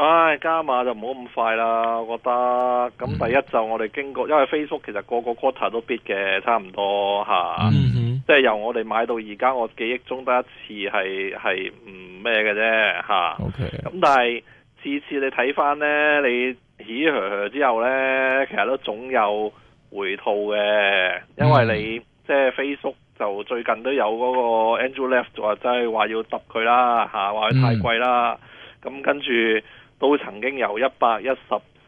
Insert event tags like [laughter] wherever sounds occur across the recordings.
唉、哎，加碼就唔好咁快啦，我覺得咁第一、嗯、就我哋經過，因為 Facebook 其實個個 quarter 都 beat 嘅，差唔多、啊嗯、即係由我哋買到而家，我記憶中得一次係係唔咩嘅啫嚇。咁、嗯啊 okay. 但係次次你睇翻呢，你起起之後呢，其實都總有回吐嘅，因為你、嗯、即係 Facebook 就最近都有嗰個 Andrew Left 話即係話要揼佢啦話佢太貴啦。咁、嗯、跟住。都曾經由一百一十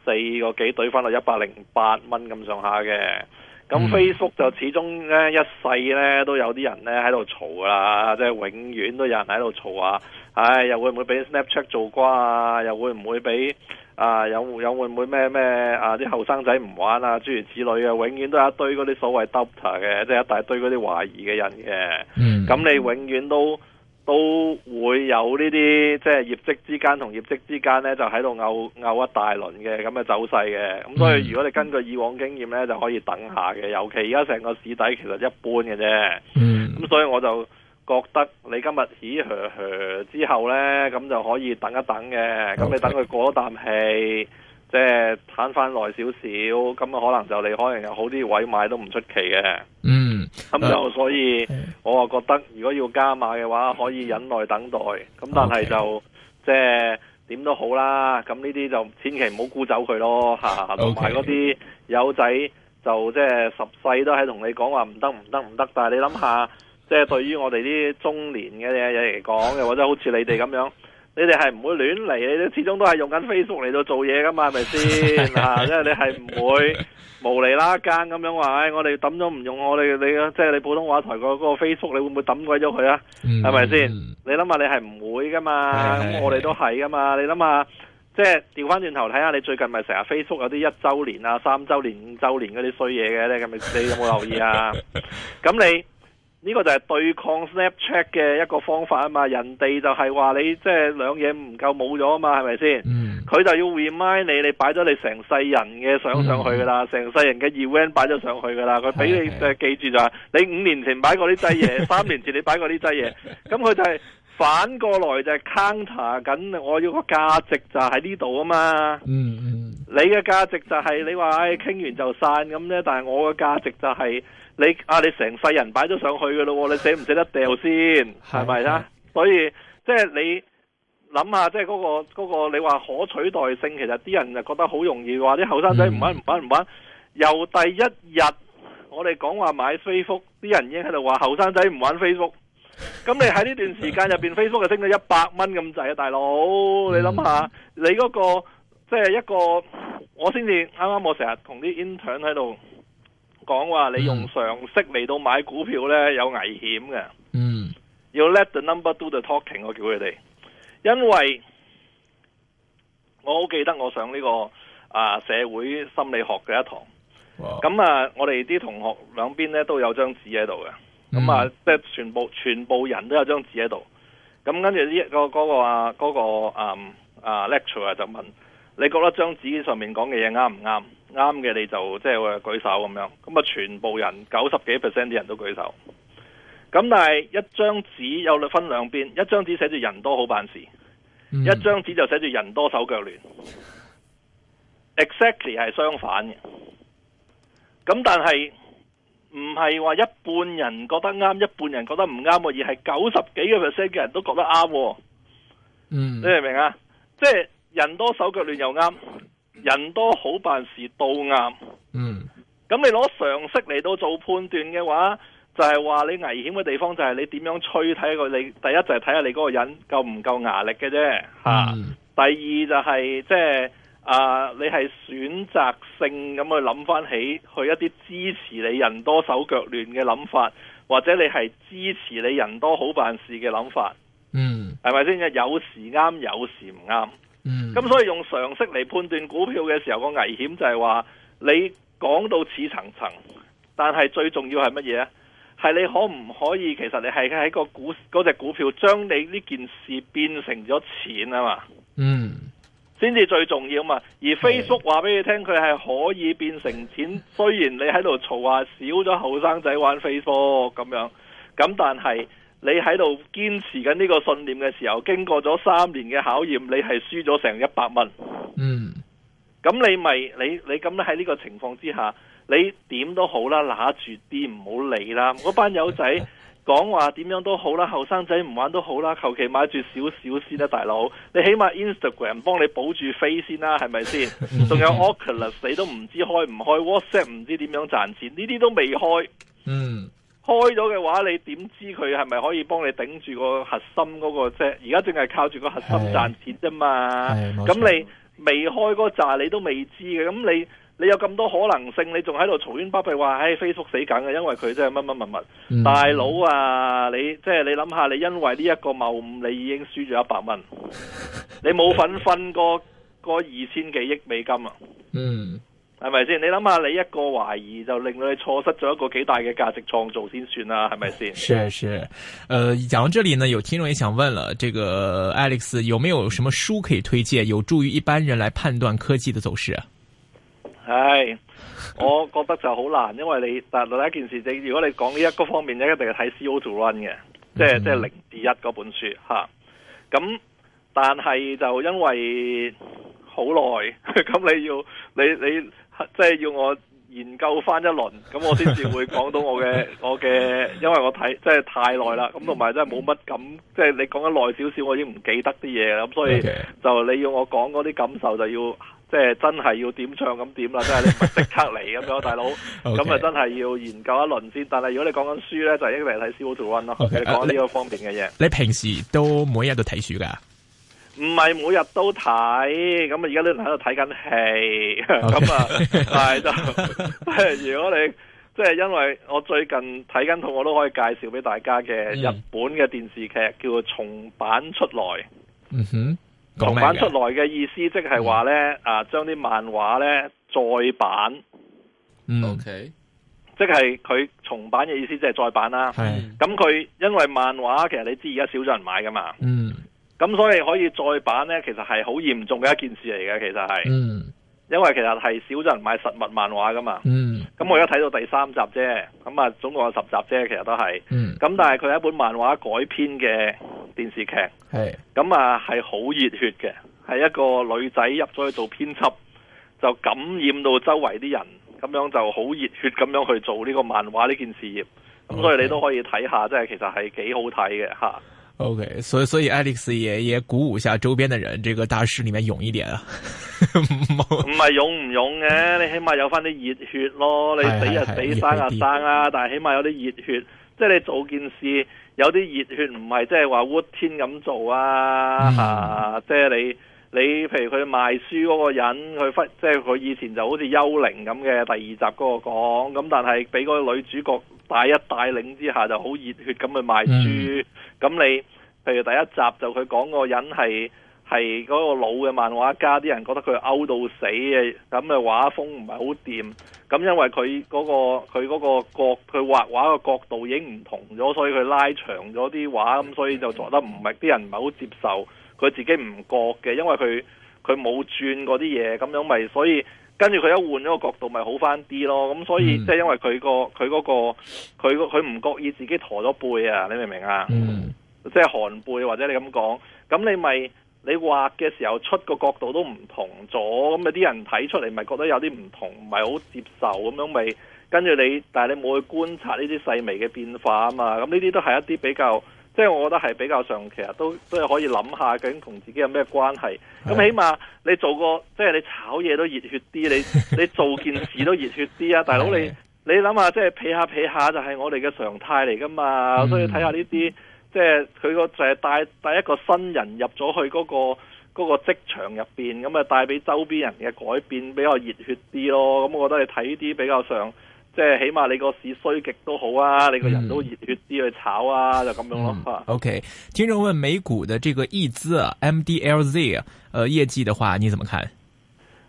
四個幾隊翻到一百零八蚊咁上下嘅，咁 Facebook 就始終咧一世咧都有啲人咧喺度嘈噶啦，即係永遠都有人喺度嘈啊！唉、哎，又會唔會俾 Snapchat 做瓜啊？又會唔會俾啊有有會唔會咩咩啊啲後生仔唔玩啊？諸如此類嘅，永遠都有一堆嗰啲所謂 doubter 嘅，即係一大堆嗰啲懷疑嘅人嘅。咁、嗯、你永遠都。都會有呢啲即係業績之間同業績之間呢，就喺度拗拗一大輪嘅咁嘅走勢嘅。咁、嗯、所以如果你根據以往經驗呢，就可以等下嘅。尤其而家成個市底其實一般嘅啫。嗯。咁所以我就覺得你今日起起之後呢，咁就可以等一等嘅。咁你等佢過一啖氣，okay. 即係攤翻耐少少，咁啊可能就你可能有好啲位買都唔出奇嘅。嗯。咁、嗯、就、嗯、所以，我啊覺得如果要加碼嘅話，可以忍耐等待。咁、啊、但係就即係點都好啦。咁呢啲就千祈唔好沽走佢咯嚇。同埋嗰啲友仔就即係十世都喺同你講話唔得唔得唔得，但係你諗下，即係對於我哋啲中年嘅嘢嚟講，又或者好似你哋咁樣。你哋係唔會亂嚟，你始終都係用緊 Facebook 嚟到做嘢噶嘛，係咪先吓？即係你係唔會無厘啦更咁樣話，我哋抌咗唔用我哋，你即係你普通話題嗰個 Facebook，你會唔會抌鬼咗佢啊？係咪先？你諗下，你係唔會噶嘛？咁我哋都係噶嘛？你諗下，即係調翻轉頭睇下，你最近咪成日 Facebook 有啲一周年啊、三周年、五周年嗰啲衰嘢嘅，你咁你有冇留意啊？咁你？呢、這個就係對抗 Snapchat 嘅一個方法啊嘛，人哋就係話你即係兩嘢唔夠冇咗啊嘛，係咪先？佢、嗯、就要 remind you, 你,了你,了、嗯、了了你，你擺咗你成世人嘅相上去噶啦，成世人嘅 event 擺咗上去噶啦，佢俾你記記住就係、是、你五年前擺過啲劑嘢，三年前你擺過啲劑嘢，咁 [laughs] 佢就係反過來就係 counter 緊，我要個價值就喺呢度啊嘛。嗯，嗯你嘅價值就係、是、你話誒傾完就散咁咧，但係我嘅價值就係、是。你啊！你成世人擺咗上去嘅咯喎，你捨唔捨得掉先？係咪啦？ [laughs] 所以即係、就是、你諗下，即係嗰個嗰、那個你話可取代性，其實啲人就覺得好容易話啲後生仔唔玩唔玩唔玩、嗯。由第一日我哋講話買 Facebook，啲人已經喺度話後生仔唔玩 Facebook。 [laughs] 咁你喺呢段時間入邊，Facebook 就升咗一百蚊咁滯啊！大佬、嗯，你諗下，你嗰、那個即係、就是、一個，我先至啱啱我成日同啲 intern 喺度。講話你用常識嚟到買股票呢，有危險嘅，嗯，要 let the number do the talking，我叫佢哋，因為我好記得我上呢、這個啊社會心理學嘅一堂，咁啊，我哋啲同學兩邊呢都有張紙喺度嘅，咁啊，即、嗯、係全部全部人都有張紙喺度，咁跟住呢個嗰、嗰個、嗰個嗰個嗰個嗯、啊嗰個嗯啊 lecturer 就問你覺得張紙上面講嘅嘢啱唔啱？啱嘅你就即係、就是、舉手咁樣，咁啊全部人九十幾 percent 嘅人都舉手，咁但係一張紙有分兩邊，一張紙寫住人多好辦事，嗯、一張紙就寫住人多手腳亂 [laughs] ，exactly 係相反嘅。咁但係唔係話一半人覺得啱，一半人覺得唔啱啊，而係九十幾個 percent 嘅人都覺得啱。嗯，你明唔明啊？即、就、係、是、人多手腳亂又啱。人多好辦事，都啱。嗯，咁你攞常識嚟到做判斷嘅話，就係話你危險嘅地方就係你點樣吹？睇下你第一就係睇下你嗰個人夠唔夠牙力嘅啫。吓、嗯，第二就係即係啊，你係選擇性咁去諗翻起去一啲支持你人多手腳亂嘅諗法，或者你係支持你人多好辦事嘅諗法。嗯，係咪先？有時啱，有時唔啱。嗯，咁所以用常識嚟判斷股票嘅時候，個危險就係話你講到似層層，但係最重要係乜嘢？啊？係你可唔可以，其實你係喺個股嗰隻股票將你呢件事變成咗錢啊嘛？嗯，先至最重要啊嘛。而 Facebook 話俾你聽，佢係可以變成錢，雖然你喺度嘈話少咗後生仔玩 Facebook 咁樣，咁但係。你喺度堅持緊呢個信念嘅時候，經過咗三年嘅考驗，你係輸咗成一百蚊。嗯，咁你咪你你咁喺呢個情況之下，你點都好啦，拿住啲唔好理啦。嗰班友仔講話點樣都好啦，後生仔唔玩都好啦，求其買住少少先啦，大佬，你起碼 Instagram 幫你保住飛先啦，係咪先？仲有 Oculus 你都唔知開唔開，WhatsApp 唔知點樣賺錢，呢啲都未開。嗯。開咗嘅話，你點知佢係咪可以幫你頂住個核心嗰、那個啫？而家淨係靠住個核心賺錢啫嘛。咁你未開嗰扎，你都未知嘅。咁你你有咁多可能性，你仲喺度嘈冤巴閉話，喺、哎、Facebook 死梗嘅，因為佢真係乜乜物物大佬啊！你即係、就是、你諗下，你因為呢一個謬誤，你已經輸咗一百蚊，你冇份分個二千幾億美金啊！嗯。係咪先？你諗下，你一個懷疑就令到你錯失咗一個幾大嘅價值創造先算啦，係咪先？是是，誒、呃，講到呢度呢，有聽眾想問啦，這個 Alex 有沒有什麼書可以推薦，有助於一般人來判斷科技嘅走勢？係，我覺得就好難，因為你但第一件事，你如果你講呢一個方面一定要睇 C O to Run 嘅、嗯，即係即係零至一嗰本書吓。咁但係就因為好耐，咁你要你你。你即係要我研究翻一輪，咁我先至會講到我嘅 [laughs] 我嘅，因為我睇即係太耐啦，咁同埋真係冇乜感，即係你講得耐少少，我已經唔記得啲嘢啦，咁所以就你要我講嗰啲感受，就要即係真係要點唱咁點啦，即係唔係即刻嚟咁樣，大佬，咁啊真係要研究一輪先。但係如果你講緊書咧，就一係睇《Civil to Run》咯，你講呢個方面嘅嘢。你平時都每日都睇書噶？唔係每日都睇，咁啊而家都喺度睇緊戲，咁啊係就，如果你即係因為我最近睇緊套，我都可以介紹俾大家嘅日本嘅電視劇，嗯、叫做重版出來。嗯哼，重版出來嘅意思即係話咧啊，將啲漫畫咧再版。嗯，OK，即係佢重版嘅意思即係再版啦。係、嗯，咁、嗯、佢因為漫畫其實你知而家少咗人買噶嘛。嗯。咁所以可以再版呢，其實係好嚴重嘅一件事嚟嘅，其實係、嗯。因為其實係少咗人買實物漫畫噶嘛。嗯。咁我而家睇到第三集啫，咁啊，總共有十集啫，其實都係。咁、嗯、但係佢係一本漫畫改編嘅電視劇。係。咁啊，係好熱血嘅，係一個女仔入咗去做編輯，就感染到周圍啲人，咁樣就好熱血咁樣去做呢個漫畫呢件事業。咁、嗯、所以你都可以睇下，即係其實係幾好睇嘅吓。O.K.，所以所以 Alex 也也鼓舞下周邊的人，這個大事裏面勇一點啊。唔 [laughs] 係勇唔勇嘅，啊，你起碼有翻啲熱血咯。你死啊死 [laughs] 生啊生啊， [laughs] 但係起碼有啲熱血。 [laughs] 即係你做件事有啲熱血，唔係即係話烏天咁做啊。吓、 [laughs] 啊，即係你。你譬如佢賣書嗰個人，佢忽即係佢以前就好似幽靈咁嘅第二集嗰個講，咁但係俾個女主角帶一帶領之下，就好熱血咁去賣書。咁、嗯、你譬如第一集就佢講個人係係嗰個老嘅漫畫家，啲人覺得佢 out 到死嘅，咁嘅畫風唔係好掂。咁因為佢嗰、嗰個佢嗰個角佢畫畫嘅角度已經唔同咗，所以佢拉長咗啲畫，咁所以就做得唔係啲人唔係好接受。佢自己唔覺嘅，因為佢佢冇轉嗰啲嘢，咁樣咪所以跟住佢一換咗個角度，咪好翻啲咯。咁所以即係、嗯、因為佢、佢個佢嗰、佢個佢佢唔覺意自己駝咗背啊！你明唔明啊？嗯，即係寒背或者你咁講，咁你咪你畫嘅時候出個角度都唔同咗，咁有啲人睇出嚟咪覺得有啲唔同，唔係好接受咁樣咪。跟住你，但你冇去觀察呢啲細微嘅變化啊嘛。咁呢啲都係一啲比較。即係我覺得係比較上，其實都都係可以諗下，究竟同自己有咩關係？咁起碼你做個即係你炒嘢都熱血啲，你你做件事都熱血啲啊！ [laughs] 大佬你你諗下，即係比下比下就係我哋嘅常態嚟㗎嘛、嗯？所以睇下呢啲，即係佢個就係帶帶一個新人入咗去嗰個嗰個職場入邊，咁啊帶俾周邊人嘅改變比較熱血啲咯。咁我覺得你睇呢啲比較上。即係起碼你個市衰極都好啊，你個人都熱血啲去炒啊，嗯、就咁樣咯。嗯、OK，聽眾問美股的這個億滋、啊、MDLZ，、啊、呃業績的話，你怎麼看？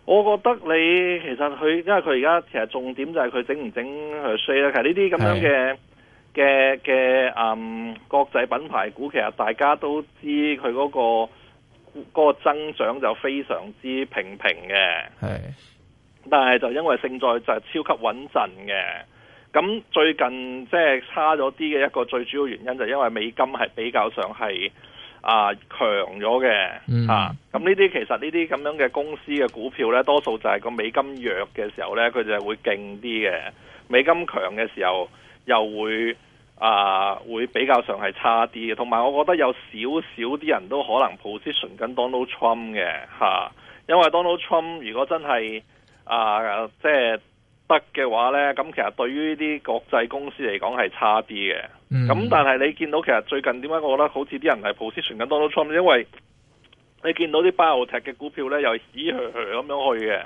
我覺得你其實佢，因為佢而家其實重點就係佢整唔整去衰咧。其實呢啲咁樣嘅嘅嘅，嗯，國際品牌股，其實大家都知佢嗰、嗰個、嗰個增長就非常之平平嘅。係。但係就因為勝在就係超級穩陣嘅，咁最近即係差咗啲嘅一個最主要原因就係因為美金係比較上係啊強咗嘅，嚇咁呢啲其實呢啲咁樣嘅公司嘅股票呢，多數就係個美金弱嘅時候呢，佢就會勁啲嘅；美金強嘅時候又會啊會比較上係差啲嘅。同埋我覺得有少少啲人都可能 position 緊 Donald Trump 嘅嚇、啊，因為 Donald Trump 如果真係啊，即係得嘅話呢，咁其實對於啲國際公司嚟講係差啲嘅。咁、mm -hmm. 但係你見到其實最近點解我覺得好似啲人係 position 緊 Donald Trump 因為你見到啲 BioNTech 嘅股票呢，又唏噓噓咁樣去嘅。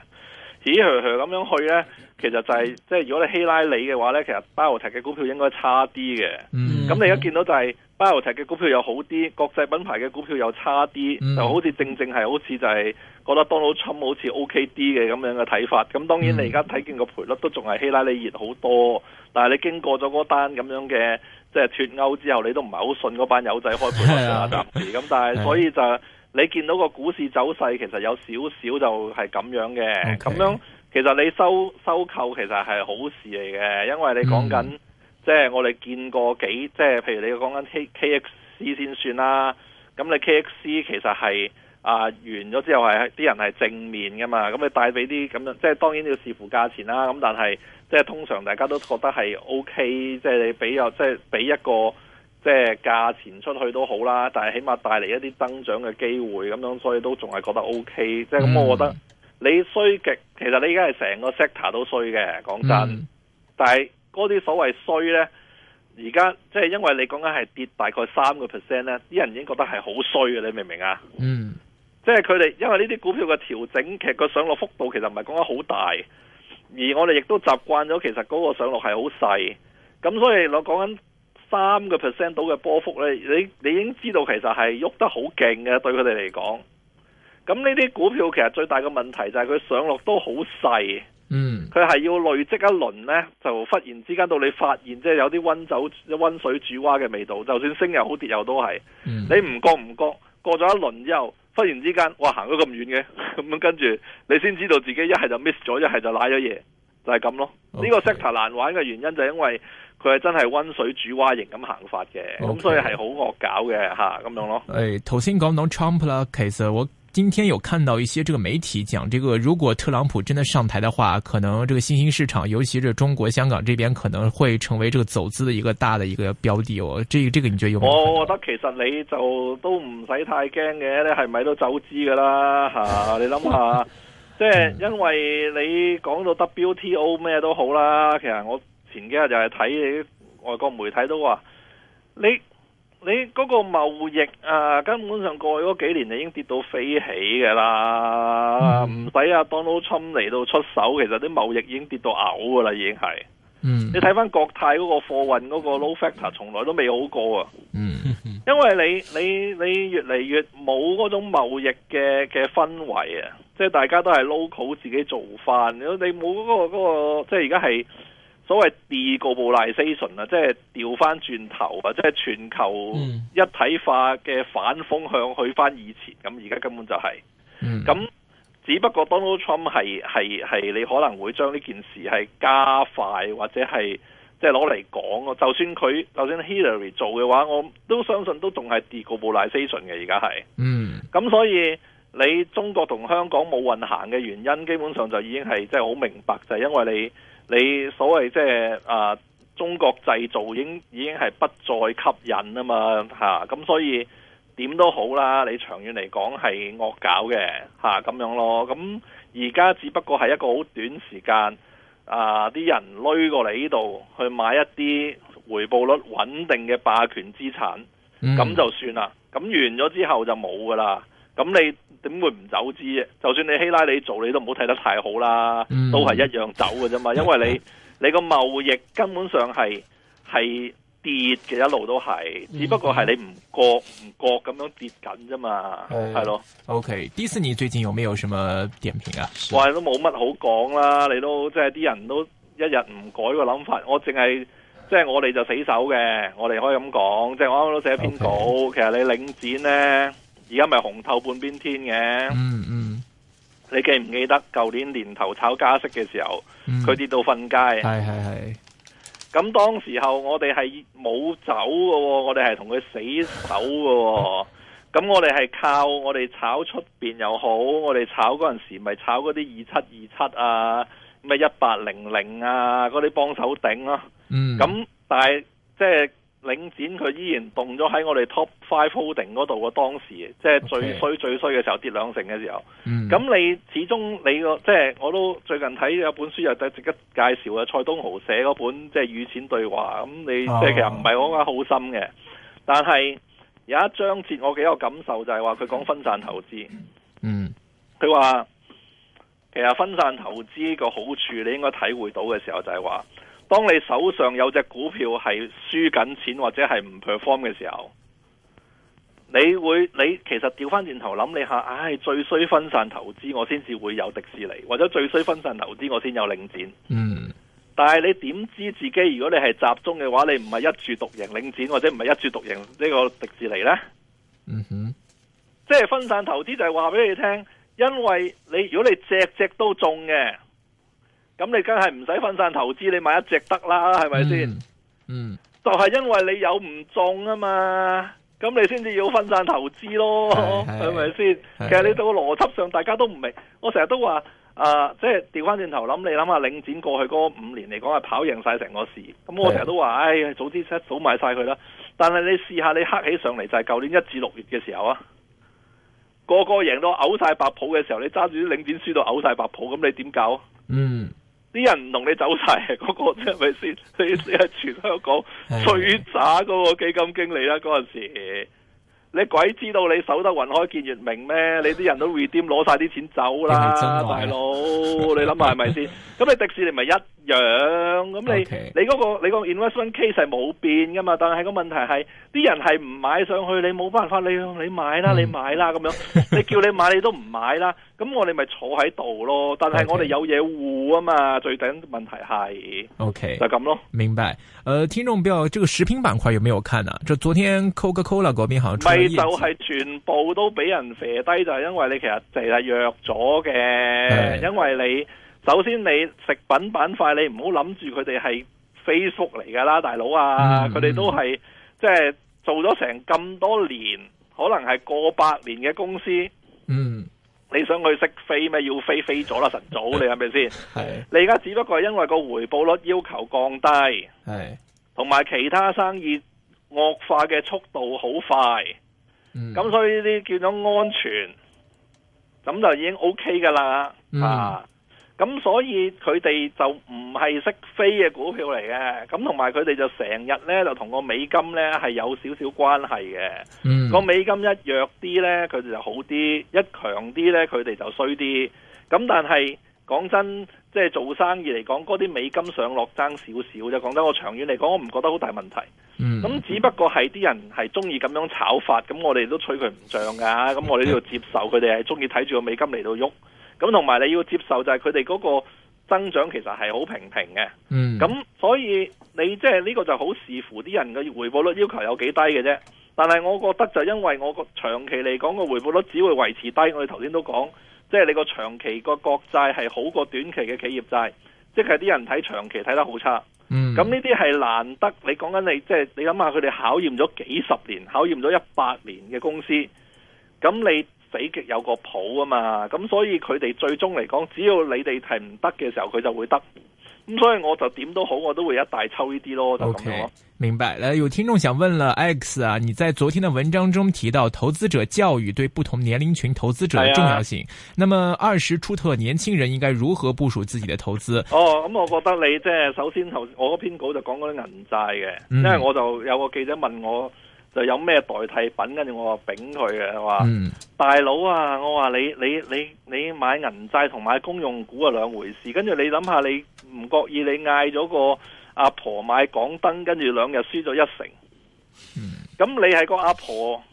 止靴靴咁樣去呢？其實就係、是、即係如果你希拉里嘅話呢，其實巴奧特嘅股票應該差啲嘅。咁、嗯、你而家見到就係巴奧特嘅股票又好啲，國際品牌嘅股票又差啲、嗯，就好似正正係好似就係覺得當勞侵，好似 OK 啲嘅咁樣嘅睇法。咁當然你而家睇見個賠率都仲係希拉里熱好多，但係你經過咗嗰單咁樣嘅即係脱歐之後，你都唔係好信嗰班友仔開盤嘅當時咁，但係所以就。嗯嗯你見到個股市走勢其實有少少就係咁樣嘅，咁、okay. 樣其實你收收購其實係好事嚟嘅，因為你講緊、嗯、即係我哋見過幾，即係譬如你講緊 K K X C 先算啦。咁你 K X C 其實係啊完咗之後係啲人係正面㗎嘛，咁你帶俾啲咁樣，即係當然要視乎價錢啦。咁但係即係通常大家都覺得係 O K，即係你比較即係俾一個。即係價錢出去都好啦，但係起碼帶嚟一啲增長嘅機會咁樣，所以都仲係覺得 OK，嗯。即係咁，我覺得你衰極，其實你而家係成個 sector 都衰嘅，講真，嗯。但係嗰啲所謂衰呢，而家即係因為你講緊係跌大概三個 percent 咧，啲人已經覺得係好衰嘅，你明唔明啊？嗯，即係佢哋因為呢啲股票嘅調整，其實個上落幅度其實唔係講緊好大，而我哋亦都習慣咗其實嗰個上落係好細，咁所以我講緊。三個 percent 到嘅波幅咧，你你已經知道其實係喐得好勁嘅，對佢哋嚟講。咁呢啲股票其實最大嘅問題就係佢上落都好細，嗯，佢係要累積一輪咧，就忽然之間到你發現即係、就是、有啲溫酒溫水煮蛙嘅味道，就算升又好跌又都係、嗯。你唔覺唔覺過咗一輪之後，忽然之間哇行咗咁遠嘅，咁樣跟住你先知道自己一係就 miss 咗，一係就瀨咗嘢，就係、是、咁咯。呢、okay. 個 sector 難玩嘅原因就係因為。佢真係溫水煮蛙型咁行法嘅，咁、okay. 所以係好惡搞嘅吓，咁、啊、樣咯。誒、哎，頭先講到 Trump 啦，其實我今天有看到一些這個媒體講，這個如果特朗普真的上台的話，可能這個新興市場，尤其是中國香港這邊，可能會成為這個走資的一個大的一個標的哦、這個。這個你覺得有冇可能？我覺得其實你就都唔使太驚嘅、啊，你係咪都走資噶啦吓？你諗下， [laughs] 即係因為你講到 WTO 咩都好啦，其實我。前幾日就係睇你啲外國媒體都話你你嗰個貿易啊，根本上過去嗰幾年就已經跌到飛起嘅啦，唔使阿 Donald Trump 嚟到出手，其實啲貿易已經跌到嘔嘅啦，已經係。嗯，你睇翻國泰嗰個貨運嗰個 load factor 從來都未好過啊。嗯， [laughs] 因為你你你越嚟越冇嗰種貿易嘅嘅氛圍啊，即係大家都係 local 自己做翻，你冇嗰、嗰個、嗰個、即係而家係。所謂 deglobalisation 啊，即係調翻轉頭，或者係全球一體化嘅反風向去翻以前咁，而家根本就係、是。咁、mm. 只不過 Donald Trump 係係係，你可能會將呢件事係加快或者係即係攞嚟講，就算佢就算 Hillary 做嘅話，我都相信都仲係 deglobalisation 嘅。而家係。嗯。咁所以你中國同香港冇運行嘅原因，基本上就已經係即係好明白，就係、是、因為你。你所謂即係啊，中國製造已經已經係不再吸引啊嘛嚇，咁所以點都好啦，你長遠嚟講係惡搞嘅嚇咁樣咯。咁而家只不過係一個好短時間啊，啲人擂過嚟呢度去買一啲回報率穩定嘅霸權資產，咁、嗯、就算啦。咁完咗之後就冇噶啦。咁你點會唔走資，啫，就算你希拉里做，你都唔好睇得太好啦、嗯，都係一樣走嘅啫嘛。因為你、嗯、你個貿易根本上係係跌嘅，一路都係、嗯，只不過係你唔覺唔覺咁樣跌緊啫嘛，係、嗯、咯。O、okay, K，迪士尼最近有冇有什麼點評啊？話都冇乜好講啦，你都即係啲人都一日唔改個諗法，我淨係即係我哋就死守嘅，我哋可以咁講。即係我啱啱都寫一篇稿，okay. 其實你領展咧。而家咪紅透半邊天嘅，嗯嗯，你記唔記得舊年年頭炒加息嘅時候，佢、嗯、跌到瞓街，係係係。咁當時候我哋係冇走嘅，我哋係同佢死守嘅。咁、哦、我哋係靠我哋炒出邊又好，我哋炒嗰陣時咪炒嗰啲二七二七啊，咩一八零零啊，嗰啲幫手頂咯。咁、嗯、但係即係。領展佢依然動咗喺我哋 top five holding 嗰度嘅，當時，即係最衰最衰嘅時候，跌兩成嘅時候。咁、okay。你始終你個即係我都最近睇有本書又就值得介紹啊，蔡東豪寫嗰本即係與錢對話。咁你即係、oh. 其實唔係我講好深嘅，但係有一章節我幾有感受就係話佢講分散投資。嗯、mm，佢話其實分散投資個好處，你應該體會到嘅時候就係話。當你手上有隻股票係輸緊錢或者係唔 perform 嘅時候，你會你其實調翻轉頭諗你吓，唉，最衰分散投資，我先至會有迪士尼，或者最衰分散投資，我先有領展。嗯，但係你點知自己如果你係集中嘅話，你唔係一注獨贏領展或者唔係一注獨贏呢個迪士尼呢？嗯哼，即係分散投資就係話俾你聽，因為你如果你隻隻都，都中嘅。咁你梗係唔使分散投資，你買一隻得啦，係咪先？嗯，就係、是、因為你有唔中啊嘛，咁你先至要分散投資咯，係咪先？其實你到個邏輯上，大家都唔明。我成日都話、呃，即係調翻轉頭諗，你諗下領展過去嗰五年嚟講係跑贏晒成個市。咁我成日都話，唉、哎，早知早買晒佢啦。但係你試下你黑起上嚟就係、是、舊年一至六月嘅時候啊，個個贏到嘔晒白泡嘅時候，你揸住啲領展輸到嘔晒白泡，咁你點搞？嗯。啲人唔同你走晒，嗰個即係咪先？你係全香港最渣嗰個基金經理啦！嗰陣時，你鬼知道你守得雲開見月明咩？你啲人都 redeem 攞晒啲錢走啦，大佬！ [laughs] 你諗下係咪先？咁 [laughs] 你迪士尼咪一？樣咁你、okay。你嗰、那個你個 investment case 係冇變噶嘛？但係個問題係啲人係唔買上去，你冇辦法，你買、嗯、你買啦，你買啦咁樣， [laughs] 你叫你買你都唔買啦。咁我哋咪坐喺度咯。但係我哋有嘢護啊嘛。Okay。最頂問題係，OK 就咁咯。明白。誒、呃，聽眾朋友，這個食品板塊有沒有看啊？就昨天 Coca Cola 嗰邊好像咪就係全部都俾人肥低，就係、是、因為你其實成日弱咗嘅，因為你。首先，你食品板塊，你唔好諗住佢哋係 Facebook 嚟㗎啦，大佬啊！佢、嗯、哋都係即係做咗成咁多年，可能係過百年嘅公司。嗯，你想佢食飛咩？要飛飛咗啦，晨早 [laughs] 你係咪先？係你而家只不過係因為個回報率要求降低，係同埋其他生意惡化嘅速度好快，咁、嗯、所以呢啲叫做安全咁就已經 O K 㗎啦，啊！咁所以佢哋就唔係識飛嘅股票嚟嘅，咁同埋佢哋就成日咧就同個美金咧係有少少關係嘅。嗯，個美金一弱啲咧，佢哋就好啲；一強啲咧，佢哋就衰啲。咁但係講真，即係做生意嚟講，嗰啲美金上落爭少少啫。講真，我長遠嚟講，我唔覺得好大問題。咁、嗯、只不過係啲人係中意咁樣炒法，咁我哋都取佢唔像噶。咁我哋都要接受佢哋係中意睇住個美金嚟到喐。咁同埋你要接受就係佢哋嗰個增長其實係好平平嘅。嗯，咁所以你即係呢個就好視乎啲人嘅回報率要求有幾低嘅啫。但係我覺得就因為我個長期嚟講個回報率只會維持低，我哋頭先都講，即係你個長期個國債係好過短期嘅企業債，即係啲人睇長期睇得好差。咁呢啲係難得，你講緊你即係你諗下佢哋考驗咗幾十年，考驗咗一百年嘅公司，咁你。北極有個譜啊嘛，咁所以佢哋最終嚟講，只要你哋係唔得嘅時候，佢就會得。咁所以我就點都好，我都會一大抽呢啲咯。O、okay, K，明白。有聽眾想問啦 Alex 啊，你在昨天的文章中提到投資者教育對不同年齡群投資者的重要性，啊、那麼二十出頭年輕人應該如何部署自己的投資？哦，咁、嗯、我覺得你即係首先頭我嗰篇稿就講嗰啲銀債嘅，因為我就有個記者問我。就有咩代替品，跟住我話丙佢嘅，話、嗯、大佬啊，我話你你你你買銀債同買公用股係兩回事，跟住你諗下，你唔覺意你嗌咗個阿婆，婆買港燈，跟住兩日輸咗一成，咁、嗯、你係個阿婆，婆，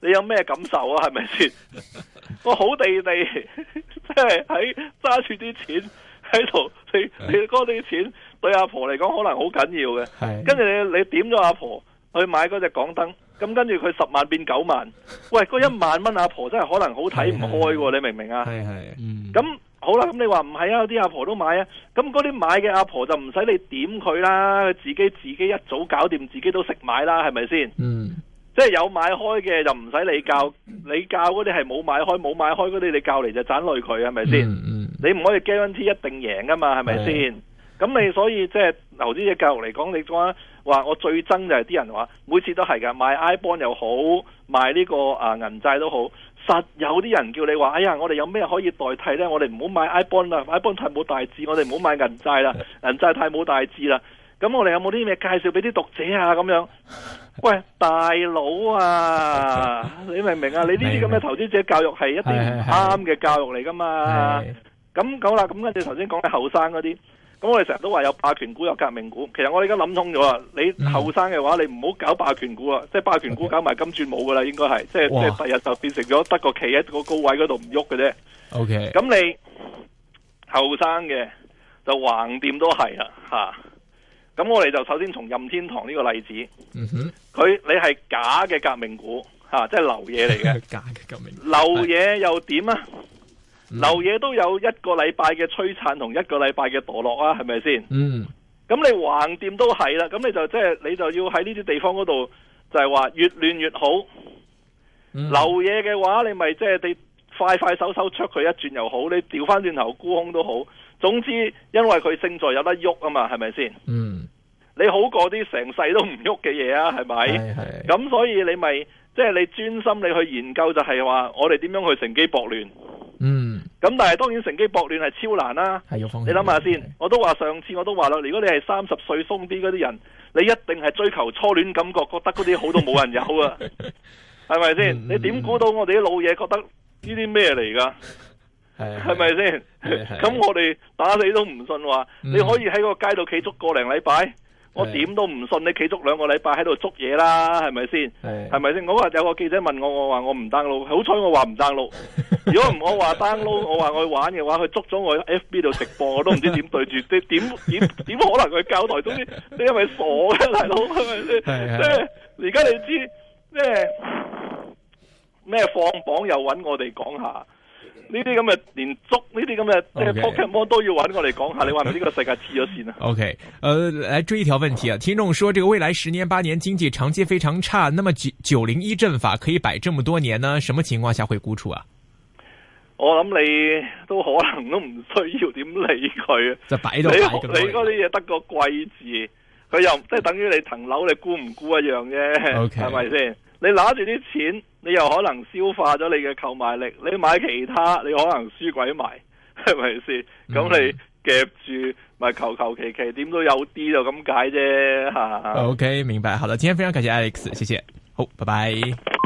你有咩感受啊？係咪先？ [laughs] 我好地地，即係喺揸住啲錢喺度，你你嗰啲錢對阿婆嚟講可能好緊要嘅，跟住你你點咗阿婆，婆。去買嗰隻港燈，咁跟住佢十萬變九萬，喂，嗰一萬蚊阿婆真係可能好睇唔開喎， [laughs] 你明唔明啊？係 [laughs] 係。咁好啦，咁你話唔係啊？有啲阿婆都買啊，咁嗰啲買嘅阿婆就唔使你點佢啦，自己自己一早搞掂，自己都識買啦，係咪先？嗯。 [laughs] 即係有買開嘅就唔使你教，你教嗰啲係冇買開冇買開嗰啲，你教嚟就盞累佢，係咪先？嗯 [laughs] 你唔可以 guarantee 一定贏噶嘛，係咪先？ [laughs] 咁你所以即係投資者教育嚟講，你講話我最憎就係啲人話，每次都係㗎，買 iBond 又好，買呢、這個啊銀債都好，實有啲人叫你話，哎呀，我哋有咩可以代替呢？我哋唔好買 iBond 啦，iBond 太冇大志，我哋唔好買銀債啦，銀債太冇大志啦。咁我哋有冇啲咩介紹俾啲讀者啊？咁樣，喂大佬啊， [laughs] 你明唔明啊？你呢啲咁嘅投資者教育係一啲唔啱嘅教育嚟噶嘛？咁 [laughs] 好啦，咁跟住頭先講嘅後生嗰啲。咁我哋成日都話有霸權股有革命股，其實我哋而家諗通咗啦。你後生嘅話，你唔好搞霸權股啊、嗯，即係霸權股 okay，搞埋金鑽冇噶啦，應該係即係即係第日就變成咗得個企喺個高位嗰度唔喐嘅啫。O K，咁你後生嘅就橫掂都係啦吓。咁、啊、我哋就首先從任天堂呢個例子，嗯、哼，佢你係假嘅革命股吓、啊，即係流嘢嚟嘅， [laughs] 假嘅革命流嘢又點啊？嗯、流嘢都有一個禮拜嘅璀璨同一個禮拜嘅墮落啊，係咪先？嗯，咁你橫掂都係啦，咁你就即係你就要喺呢啲地方嗰度，就係話越亂越好。嗯、流嘢嘅話，你咪即係你快快手手出佢一轉又好，你調翻轉頭沽空都好。總之，因為佢勝在有得喐啊嘛，係咪先？嗯，你好過啲成世都唔喐嘅嘢啊，係咪？係係。咁所以你咪即係你專心你去研究，就係話我哋點樣去乘機博亂。嗯。咁但係當然乘機博亂，係超難啦、啊，你諗下先，我都話上次我都話啦，如果你係三十歲鬆啲嗰啲人，你一定係追求初戀感覺， [laughs] 覺得嗰啲好到冇人有啊，係咪先？你點估到我哋啲老嘢覺得呢啲咩嚟噶？係咪先？咁 [laughs] 我哋打死都唔信話、嗯，你可以喺個街度企足個零禮拜。我點都唔信你企足兩個禮拜喺度捉嘢啦，係咪先？係咪先？我話有個記者問我，我話我唔 download，好彩我話唔 download。如果唔我話 download，我話我去玩嘅話，佢捉咗我喺 FB 度直播，我都唔知點對住。你點點點可能佢交代到啲？你係咪傻嘅大佬，係咪先？即係而家你知咩咩放榜又揾我哋講下。呢啲咁嘅連捉，呢啲咁嘅即係 Pokemon 都要揾我嚟講下，okay. 你話唔係呢個世界黐咗線啊？OK，誒、呃，來追一條問題啊！聽眾說，這個未來十年八年經濟長期非常差，那麼九九零一陣法可以擺這麼多年呢？什麼情況下會沽出啊？我諗你都可能都唔需要點理佢，就擺到你嗰啲嘢得個貴字，佢又即係等於你層樓你沽唔沽一樣啫，係咪先？你拿住啲錢，你又可能消化咗你嘅購買力。你買其他，你可能輸鬼埋，係咪先？咁你夾住咪求求其其，點、嗯、都有啲就咁解啫吓。OK，明白，好啦，今天非常感謝 Alex，謝謝，好，拜拜。